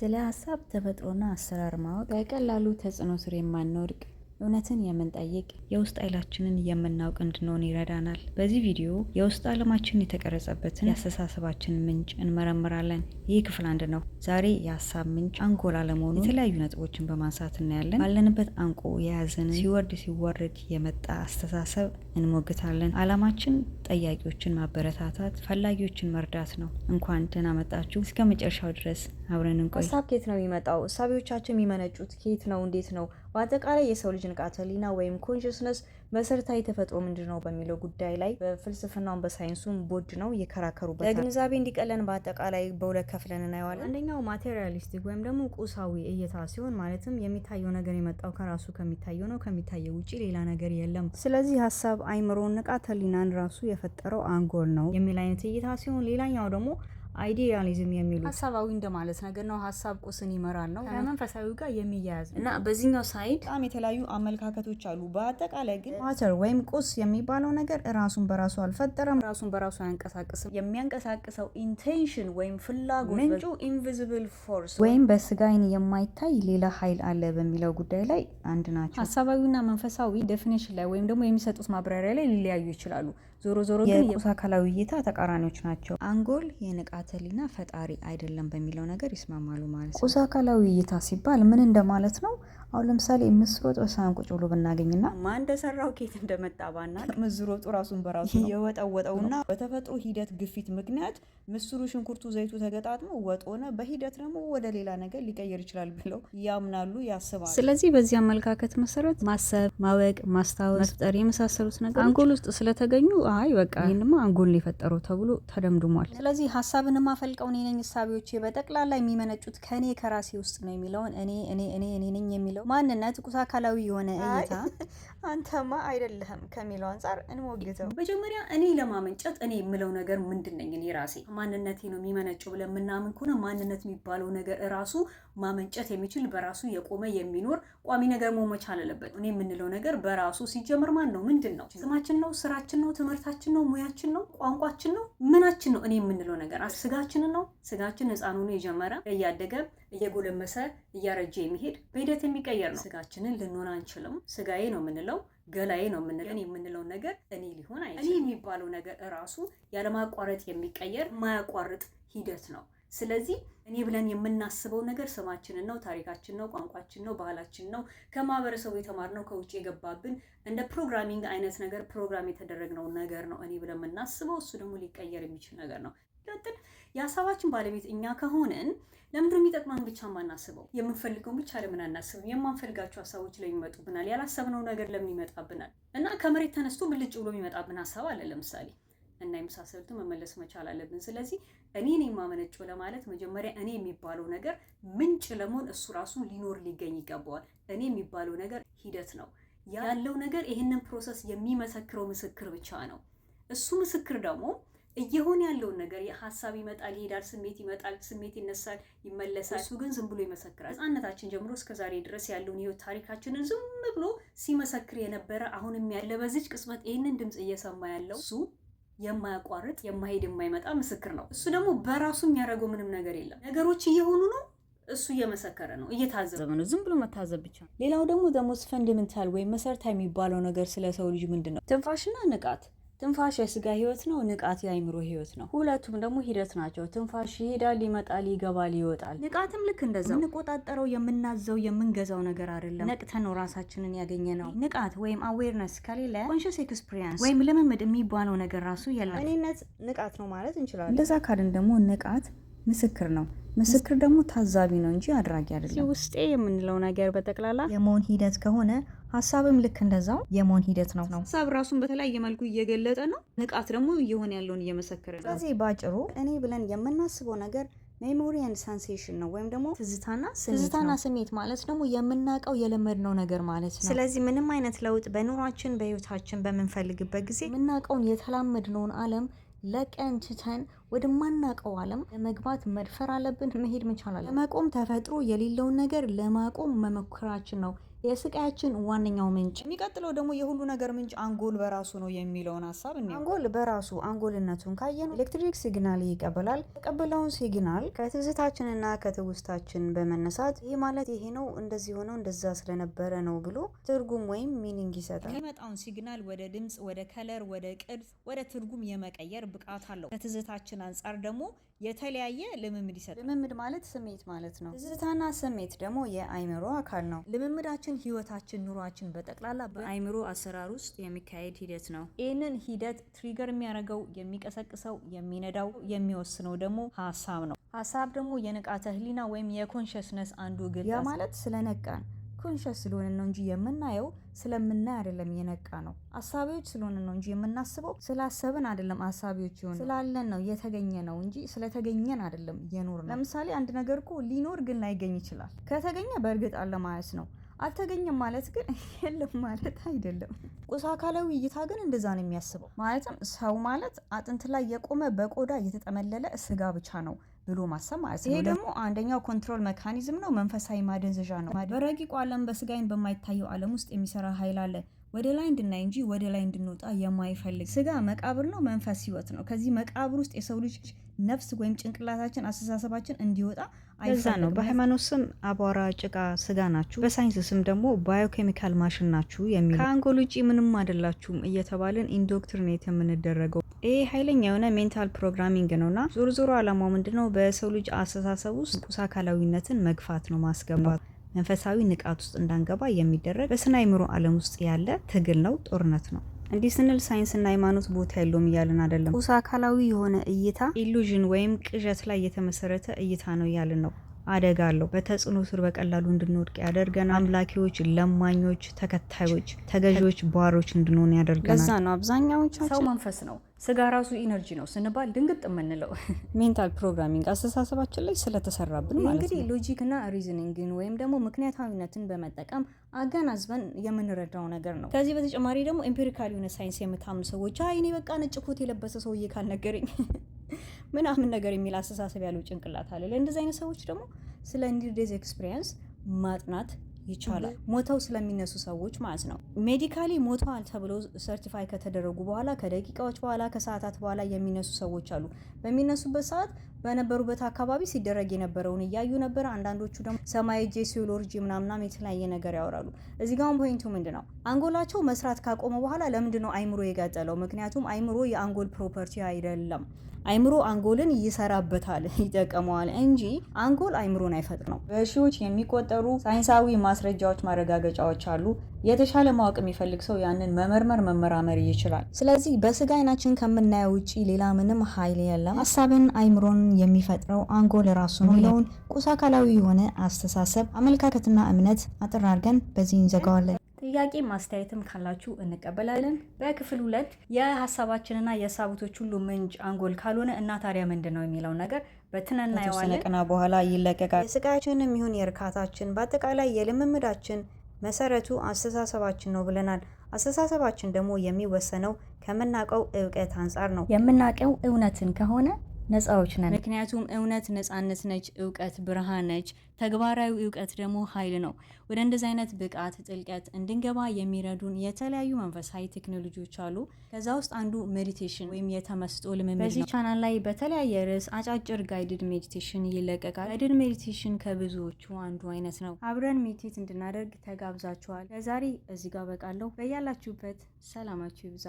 ስለ ሀሳብ ተፈጥሮና አሰራር ማወቅ በቀላሉ ተጽዕኖ ስር የማንወድቅ እውነትን የምንጠይቅ የውስጥ ኃይላችንን የምናውቅ እንድንሆን ይረዳናል። በዚህ ቪዲዮ የውስጥ ዓለማችን የተቀረጸበትን የአስተሳሰባችን ምንጭ እንመረምራለን። ይህ ክፍል አንድ ነው። ዛሬ የሀሳብ ምንጭ አንጎል አለመሆኑን የተለያዩ ነጥቦችን በማንሳት እናያለን። ባለንበት አንቆ የያዘን ሲወርድ ሲወርድ የመጣ አስተሳሰብ እንሞግታለን። ዓላማችን ጠያቂዎችን ማበረታታት፣ ፈላጊዎችን መርዳት ነው። እንኳን ደህና መጣችሁ። እስከ መጨረሻው ድረስ አብረን እንቆይ። ሀሳብ ከየት ነው የሚመጣው? እሳቤዎቻችን የሚመነጩት ከየት ነው? እንዴት ነው? በአጠቃላይ የሰው ልጅ ንቃተ ህሊና ወይም ኮንሽስነስ መሰረታዊ ተፈጥሮ ምንድን ነው በሚለው ጉዳይ ላይ በፍልስፍናውን በሳይንሱም ቦድ ነው እየከራከሩበት። ለግንዛቤ እንዲቀለን በአጠቃላይ በሁለት ከፍለን እናየዋለን። አንደኛው ማቴሪያሊስቲክ ወይም ደግሞ ቁሳዊ እይታ ሲሆን ማለትም የሚታየው ነገር የመጣው ከራሱ ከሚታየው ነው፣ ከሚታየው ውጭ ሌላ ነገር የለም። ስለዚህ ሀሳብ፣ አይምሮን፣ ንቃተ ህሊናን ራሱ የፈጠረው አንጎል ነው የሚል አይነት እይታ ሲሆን ሌላኛው ደግሞ አይዲያሊዝም የሚሉ ሀሳባዊ እንደማለት ነገር ነው። ሀሳብ ቁስን ይመራል ነው ከመንፈሳዊ ጋር የሚያያዝ እና በዚህኛው ሳይድ በጣም የተለያዩ አመለካከቶች አሉ። በአጠቃላይ ግን ማተር ወይም ቁስ የሚባለው ነገር ራሱን በራሱ አልፈጠረም፣ ራሱን በራሱ አያንቀሳቅስም። የሚያንቀሳቅሰው ኢንቴንሽን ወይም ፍላጎት ምንጩ ኢንቪዚብል ፎርስ ወይም በስጋ ዓይን የማይታይ ሌላ ኃይል አለ በሚለው ጉዳይ ላይ አንድ ናቸው። ሀሳባዊና መንፈሳዊ ዴፊኒሽን ላይ ወይም ደግሞ የሚሰጡት ማብራሪያ ላይ ሊለያዩ ይችላሉ። ዞሮ ዞሮ ግን የቁስ አካላዊ እይታ ተቃራኒዎች ናቸው። አንጎል የንቃት መከታተልና ፈጣሪ አይደለም በሚለው ነገር ይስማማሉ ማለት ነው። ቁስ አካላዊ እይታ ሲባል ምን እንደማለት ነው? አሁን ለምሳሌ የምስሮጥ በሳህን ቁጭ ብሎ ብናገኝና ማን እንደሰራው ኬት እንደመጣ ባናል ምዝሮጡ ራሱን በራሱ የወጠወጠውና በተፈጥሮ ሂደት ግፊት ምክንያት ምስሩ፣ ሽንኩርቱ፣ ዘይቱ ተገጣጥሞ ወጥ ሆነ። በሂደት ደግሞ ወደ ሌላ ነገር ሊቀየር ይችላል ብለው ያምናሉ፣ ያስባሉ። ስለዚህ በዚህ አመለካከት መሰረት ማሰብ፣ ማወቅ፣ ማስታወስ፣ መፍጠር የመሳሰሉት ነገር አንጎል ውስጥ ስለተገኙ አይ በቃ ይህንማ አንጎል የፈጠረው ተብሎ ተደምድሟል። ስለዚህ ሀሳብ ሀሳብን ማፈልቀው እኔ ነኝ፣ እሳቢዎቼ በጠቅላላ የሚመነጩት ከኔ ከራሴ ውስጥ ነው የሚለውን እኔ እኔ እኔ እኔ ነኝ የሚለው ማንነት ቁስ አካላዊ የሆነ እይታ አንተማ አይደለህም ከሚለው አንጻር እንሞግተው። መጀመሪያ እኔ ለማመንጨት እኔ የምለው ነገር ምንድን ነኝ? እኔ ራሴ ማንነቴ ነው የሚመነጨው ብለን የምናምን ከሆነ ማንነት የሚባለው ነገር ራሱ ማመንጨት የሚችል በራሱ የቆመ የሚኖር ቋሚ ነገር መሆን መቻል አለበት። እኔ የምንለው ነገር በራሱ ሲጀምር ማን ነው? ምንድን ነው? ስማችን ነው? ስራችን ነው? ትምህርታችን ነው? ሙያችን ነው? ቋንቋችን ነው? ምናችን ነው? እኔ የምንለው ነገር ስጋችንን ነው። ስጋችን ህፃን ሆኖ የጀመረ እያደገ እየጎለመሰ እያረጀ የሚሄድ በሂደት የሚቀየር ነው። ስጋችንን ልንሆን አንችልም። ስጋዬ ነው የምንለው ገላዬ ነው የምንለው የምንለው ነገር እኔ ሊሆን አይችልም። እኔ የሚባለው ነገር እራሱ ያለማቋረጥ የሚቀየር የማያቋርጥ ሂደት ነው። ስለዚህ እኔ ብለን የምናስበው ነገር ስማችንን ነው፣ ታሪካችን ነው፣ ቋንቋችን ነው፣ ባህላችን ነው፣ ከማህበረሰቡ የተማርነው ከውጭ የገባብን እንደ ፕሮግራሚንግ አይነት ነገር ፕሮግራም የተደረግነው ነገር ነው እኔ ብለን የምናስበው። እሱ ደግሞ ሊቀየር የሚችል ነገር ነው። ሲቀጥል የሀሳባችን ባለቤት እኛ ከሆንን ለምንድን የሚጠቅመን ብቻ ማናስበው? የምንፈልገውን ብቻ ለምን አናስብም? የማንፈልጋቸው ሀሳቦች ለምን ይመጡብናል? ያላሰብነው ነገር ለምን ይመጣብናል? እና ከመሬት ተነስቶ ብልጭ ብሎ የሚመጣብን ሀሳብ አለ ለምሳሌ እና የመሳሰሉት መመለስ መቻል አለብን። ስለዚህ እኔን የማመነጨው ለማለት መጀመሪያ እኔ የሚባለው ነገር ምንጭ ለመሆን እሱ ራሱ ሊኖር ሊገኝ ይገባዋል። እኔ የሚባለው ነገር ሂደት ነው ያለው ነገር ይህንን ፕሮሰስ የሚመሰክረው ምስክር ብቻ ነው። እሱ ምስክር ደግሞ እየሆነ ያለውን ነገር ሀሳብ ይመጣል፣ ይሄዳል፣ ስሜት ይመጣል፣ ስሜት ይነሳል፣ ይመለሳል። እሱ ግን ዝም ብሎ ይመሰክራል። ሕፃነታችን ጀምሮ እስከ ዛሬ ድረስ ያለውን ህይወት ታሪካችንን ዝም ብሎ ሲመሰክር የነበረ አሁንም ያለ በዚች ቅጽበት ይህንን ድምፅ እየሰማ ያለው እሱ የማያቋርጥ የማሄድ የማይመጣ ምስክር ነው። እሱ ደግሞ በራሱ የሚያደርገው ምንም ነገር የለም። ነገሮች እየሆኑ ነው እሱ እየመሰከረ ነው፣ እየታዘበ ነው። ዝም ብሎ መታዘብ ብቻ ሌላው ደግሞ ዘሞስ ፈንዳሜንታል ወይም መሰረታዊ የሚባለው ነገር ስለ ሰው ልጅ ምንድን ነው? ትንፋሽና ንቃት ትንፋሽ የስጋ ህይወት ነው። ንቃት የአይምሮ ህይወት ነው። ሁለቱም ደግሞ ሂደት ናቸው። ትንፋሽ ይሄዳል፣ ይመጣል፣ ይገባል፣ ይወጣል። ንቃትም ልክ እንደዛ የምንቆጣጠረው የምናዘው የምንገዛው ነገር አይደለም። ነቅተን ነው ራሳችንን ያገኘ ነው። ንቃት ወይም አዌርነስ ከሌለ ኮንሽስ ኤክስፒሪንስ ወይም ልምምድ የሚባለው ነገር ራሱ የለም። እኔነት ንቃት ነው ማለት እንችላለን። እንደዛ ካልን ደግሞ ንቃት ምስክር ነው። ምስክር ደግሞ ታዛቢ ነው እንጂ አድራጊ አይደለም። ውስጤ የምንለው ነገር በጠቅላላ የመሆን ሂደት ከሆነ ሀሳብም ልክ እንደዛው የመሆን ሂደት ነው ነው ሀሳብ ራሱን በተለያየ መልኩ እየገለጠ ነው። ንቃት ደግሞ እየሆነ ያለውን እየመሰከረ ነው። ስለዚህ ባጭሩ እኔ ብለን የምናስበው ነገር ሜሞሪ ኤንድ ሳንሴሽን ነው ወይም ደግሞ ትዝታና ትዝታና ስሜት ማለት ደግሞ የምናውቀው የለመድነው ነገር ማለት ነው። ስለዚህ ምንም አይነት ለውጥ በኑሯችን በህይወታችን በምንፈልግበት ጊዜ የምናውቀውን የተላመድነውን አለም ለቀን ትተን ወደማናውቀው አለም ለመግባት መድፈር አለብን፣ መሄድ መቻል አለብን። ለመቆም ተፈጥሮ የሌለውን ነገር ለማቆም መሞከራችን ነው የስቃያችን ዋነኛው ምንጭ። የሚቀጥለው ደግሞ የሁሉ ነገር ምንጭ አንጎል በራሱ ነው የሚለውን ሀሳብ እኔ አንጎል በራሱ አንጎልነቱን ካየን ኤሌክትሪክ ሲግናል ይቀበላል። የቀበለውን ሲግናል ከትዝታችንና ከትውስታችን በመነሳት ይህ ማለት ይሄ ነው እንደዚህ ሆነው እንደዛ ስለነበረ ነው ብሎ ትርጉም ወይም ሚኒንግ ይሰጣል። የሚመጣውን ሲግናል ወደ ድምፅ፣ ወደ ከለር፣ ወደ ቅርጽ፣ ወደ ትርጉም የመቀየር ብቃት አለው። ከትዝታችን አንጻር ደግሞ የተለያየ ልምምድ ይሰጣል። ልምምድ ማለት ስሜት ማለት ነው። ትዝታና ስሜት ደግሞ የአይምሮ አካል ነው። ልምምዳችን ህይወታችን፣ ኑሯችን በጠቅላላ በአይምሮ አሰራር ውስጥ የሚካሄድ ሂደት ነው። ይህንን ሂደት ትሪገር የሚያደርገው የሚቀሰቅሰው፣ የሚነዳው፣ የሚወስነው ደግሞ ሀሳብ ነው። ሀሳብ ደግሞ የንቃተ ህሊና ወይም የኮንሽስነስ አንዱ ግል ያ ማለት ስለነቃን ኮንሸስ ስለሆነ ነው እንጂ የምናየው ስለምናይ አይደለም። የነቃ ነው አሳቢዎች ስለሆነ ነው እንጂ የምናስበው ስላሰብን አይደለም። አሳቢዎች የሆነ ስላለን ነው የተገኘ ነው እንጂ ስለተገኘን አይደለም የኖር ነው። ለምሳሌ አንድ ነገር እኮ ሊኖር ግን ላይገኝ ይችላል። ከተገኘ በእርግጥ አለ ማለት ነው። አልተገኘም ማለት ግን የለም ማለት አይደለም። ቁስ አካላዊ እይታ ግን እንደዛ ነው የሚያስበው። ማለትም ሰው ማለት አጥንት ላይ የቆመ በቆዳ የተጠመለለ ስጋ ብቻ ነው ብሎ ማሰብ ማለት ነው። ይሄ ደግሞ አንደኛው ኮንትሮል መካኒዝም ነው፣ መንፈሳዊ ማደንዘዣ ነው። በረቂቁ ዓለም በስጋይን በማይታየው ዓለም ውስጥ የሚሰራ ኃይል አለ። ወደ ላይ እንድናይ እንጂ ወደ ላይ እንድንወጣ የማይፈልግ ስጋ መቃብር ነው፣ መንፈስ ህይወት ነው። ከዚህ መቃብር ውስጥ የሰው ልጅ ነፍስ ወይም ጭንቅላታችን አስተሳሰባችን እንዲወጣ አይዛ ነው። በሃይማኖት ስም አቧራ፣ ጭቃ፣ ስጋ ናችሁ፣ በሳይንስ ስም ደግሞ ባዮኬሚካል ማሽን ናችሁ የሚል ከአንጎል ውጪ ምንም አይደላችሁም እየተባልን ኢንዶክትሪኔት የምንደረገው ይህ ኃይለኛ የሆነ ሜንታል ፕሮግራሚንግ ነውና ዞሮ ዞሮ አላማው ምንድነው? በሰው ልጅ አስተሳሰብ ውስጥ ቁስ አካላዊነትን መግፋት ነው ማስገባት መንፈሳዊ ንቃት ውስጥ እንዳንገባ የሚደረግ በስነ አእምሮ ዓለም ውስጥ ያለ ትግል ነው፣ ጦርነት ነው። እንዲህ ስንል ሳይንስና ሃይማኖት ቦታ የለውም እያልን አይደለም። ቁስ አካላዊ የሆነ እይታ ኢሉዥን ወይም ቅዠት ላይ የተመሰረተ እይታ ነው እያልን ነው። አደጋ አለው። በተጽዕኖ ስር በቀላሉ እንድንወድቅ ያደርገናል። አምላኪዎች፣ ለማኞች፣ ተከታዮች፣ ተገዢዎች፣ ባሮች እንድንሆን ያደርገናል። ለዛ ነው አብዛኛው ሰው መንፈስ ነው ስጋ ራሱ ኢነርጂ ነው ስንባል ድንግጥ የምንለው ሜንታል ፕሮግራሚንግ አስተሳሰባችን ላይ ስለተሰራብን ማለት ነው። እንግዲህ ሎጂክና ሪዝኒንግን ወይም ደግሞ ምክንያታዊነትን በመጠቀም አገናዝበን የምንረዳው ነገር ነው። ከዚህ በተጨማሪ ደግሞ ኤምፒሪካል የሆነ ሳይንስ የምታምኑ ሰዎች አይ በቃ ነጭ ኮት የለበሰ ሰውዬ ካልነገረኝ ምናምን ነገር የሚል አስተሳሰብ ያለው ጭንቅላት አለ። ለእንደዚህ አይነት ሰዎች ደግሞ ስለ ኒር ዴዝ ኤክስፒሪየንስ ማጥናት ይቻላል። ሞተው ስለሚነሱ ሰዎች ማለት ነው። ሜዲካሊ ሞተዋል ተብሎ ሰርቲፋይ ከተደረጉ በኋላ ከደቂቃዎች በኋላ ከሰዓታት በኋላ የሚነሱ ሰዎች አሉ። በሚነሱበት ሰዓት በነበሩበት አካባቢ ሲደረግ የነበረውን እያዩ ነበር። አንዳንዶቹ ደግሞ ሰማይ እጄ ሲዮሎጂ ምናምናም የተለያየ ነገር ያወራሉ። እዚህ ጋሁን ፖይንቱ ምንድ ነው? አንጎላቸው መስራት ካቆመ በኋላ ለምንድን ነው አይምሮ የጋጠለው? ምክንያቱም አይምሮ የአንጎል ፕሮፐርቲ አይደለም። አይምሮ አንጎልን ይሰራበታል፣ ይጠቀመዋል እንጂ አንጎል አይምሮን አይፈጥር ነው። በሺዎች የሚቆጠሩ ሳይንሳዊ ማስረጃዎች፣ ማረጋገጫዎች አሉ። የተሻለ ማወቅ የሚፈልግ ሰው ያንን መመርመር መመራመር ይችላል። ስለዚህ በስጋ አይናችን ከምናየው ውጭ ሌላ ምንም ኃይል የለም። ሀሳብን አይምሮን የሚፈጥረው አንጎል ራሱ ነው የሚለውን ቁስ አካላዊ የሆነ አስተሳሰብ፣ አመለካከትና እምነት አጥር አድርገን በዚህ እንዘጋዋለን። ጥያቄ ማስተያየትም ካላችሁ እንቀበላለን። በክፍል ሁለት የሀሳባችንና የሳቡቶች ሁሉ ምንጭ አንጎል ካልሆነ እና ታዲያ ምንድን ነው የሚለው ነገር በትነና የዋለ ቀና በኋላ ይለቀቃል። የስቃያችንም ይሁን የእርካታችን በአጠቃላይ የልምምዳችን መሰረቱ አስተሳሰባችን ነው ብለናል። አስተሳሰባችን ደግሞ የሚወሰነው ከምናውቀው እውቀት አንጻር ነው። የምናውቀው እውነትን ከሆነ ነፃዎች ነን። ምክንያቱም እውነት ነፃነት ነች፣ እውቀት ብርሃን ነች፣ ተግባራዊ እውቀት ደግሞ ኃይል ነው። ወደ እንደዚህ አይነት ብቃት ጥልቀት እንድንገባ የሚረዱን የተለያዩ መንፈሳዊ ቴክኖሎጂዎች አሉ። ከዛ ውስጥ አንዱ ሜዲቴሽን ወይም የተመስጦ ልምምድ በዚህ ቻናል ላይ በተለያየ ርዕስ አጫጭር ጋይድድ ሜዲቴሽን ይለቀቃል። ጋይድድ ሜዲቴሽን ከብዙዎቹ አንዱ አይነት ነው። አብረን ሜዲቴት እንድናደርግ ተጋብዛችኋል። ለዛሬ እዚህ ጋር በቃለሁ። በያላችሁበት ሰላማችሁ ይብዛ።